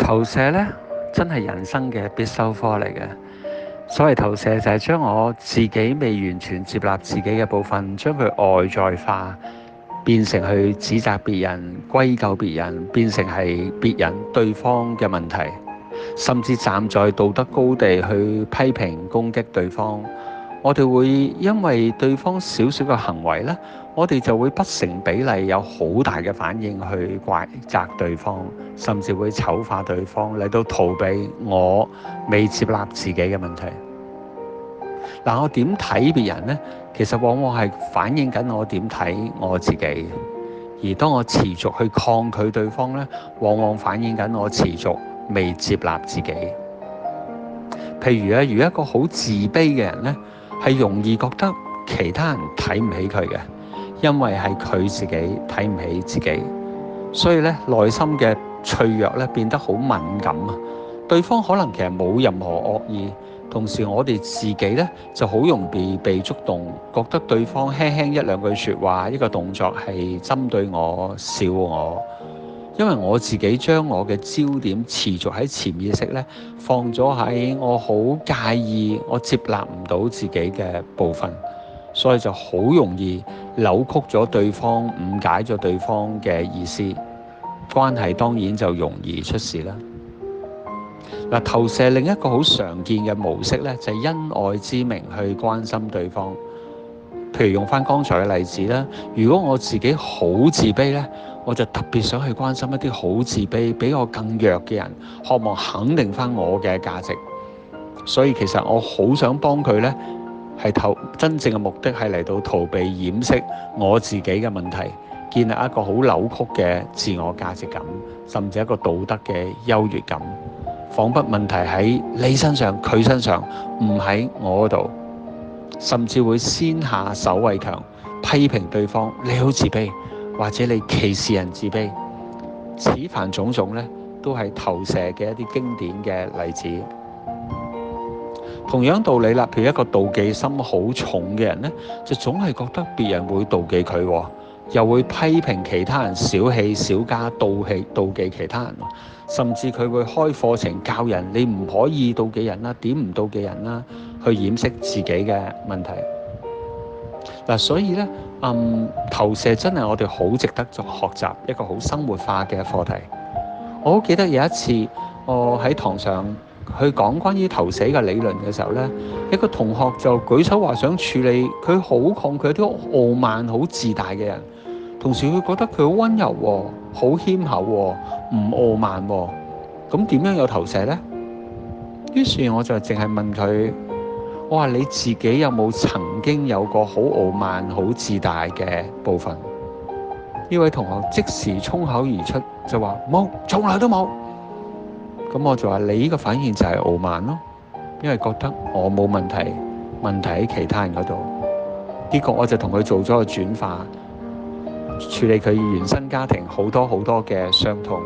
投射咧，真係人生嘅必修科嚟嘅。所謂投射就係將我自己未完全接納自己嘅部分，將佢外在化，變成去指責別人、歸咎別人，變成係別人對方嘅問題，甚至站在道德高地去批評攻擊對方。我哋會因為對方少少嘅行為呢，我哋就會不成比例有好大嘅反應去怪責對方，甚至會醜化對方，嚟到逃避我未接納自己嘅問題。嗱，我點睇別人呢？其實往往係反映緊我點睇我自己。而當我持續去抗拒對方呢，往往反映緊我持續未接納自己。譬如啊，如果一個好自卑嘅人呢，係容易覺得其他人睇唔起佢嘅，因為係佢自己睇唔起自己，所以咧內心嘅脆弱咧變得好敏感啊！對方可能其實冇任何惡意，同時我哋自己咧就好容易被觸動，覺得對方輕輕一兩句説話，一個動作係針對我，笑我。因為我自己將我嘅焦點持續喺潛意識呢，放咗喺我好介意、我接納唔到自己嘅部分，所以就好容易扭曲咗對方、誤解咗對方嘅意思，關係當然就容易出事啦。嗱，投射另一個好常見嘅模式呢，就係因愛之名去關心對方。譬如用翻剛才嘅例子啦，如果我自己好自卑呢。我就特別想去關心一啲好自卑、比我更弱嘅人，渴望肯定翻我嘅價值。所以其實我好想幫佢呢，係投…真正嘅目的係嚟到逃避掩飾我自己嘅問題，建立一個好扭曲嘅自我價值感，甚至一個道德嘅優越感，彷彿問題喺你身上、佢身上，唔喺我嗰度，甚至會先下手為強，批評對方，你好自卑。或者你歧視人自卑，此凡種種呢都係投射嘅一啲經典嘅例子。同樣道理啦，譬如一個妒忌心好重嘅人呢，就總係覺得別人會妒忌佢，又會批評其他人小氣、小家、妒氣、妒忌其他人，甚至佢會開課程教人：你唔可以妒忌人啦，點唔妒忌人啦，去掩飾自己嘅問題。嗱、啊，所以咧，嗯，投射真係我哋好值得做學習一個好生活化嘅課題。我好記得有一次，我喺堂上去講關於投射嘅理論嘅時候咧，一個同學就舉手話想處理，佢好抗拒啲傲慢、好自大嘅人，同時佢覺得佢好温柔、哦、好謙厚、哦、唔傲慢、哦。咁點樣有投射呢？於是我就淨係問佢。我話你自己有冇曾經有個好傲慢、好自大嘅部分？呢位同學即時衝口而出就話冇，從來都冇。咁我就話你呢個反應就係傲慢咯，因為覺得我冇問題，問題喺其他人嗰度。結果我就同佢做咗個轉化，處理佢原生家庭好多好多嘅傷痛。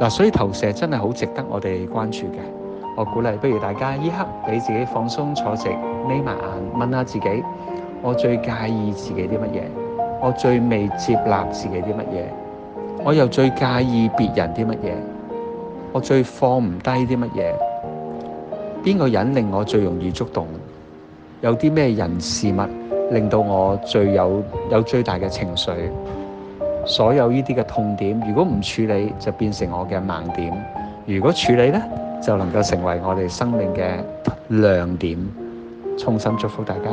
嗱，所以投射真係好值得我哋關注嘅。我鼓勵，不如大家依刻俾自己放鬆坐直，眯埋眼問下自己：我最介意自己啲乜嘢？我最未接納自己啲乜嘢？我又最介意別人啲乜嘢？我最放唔低啲乜嘢？邊個人令我最容易觸動？有啲咩人事物令到我最有有最大嘅情緒？所有呢啲嘅痛點，如果唔處理就變成我嘅盲點。如果處理呢？就能夠成為我哋生命嘅亮點，衷心祝福大家。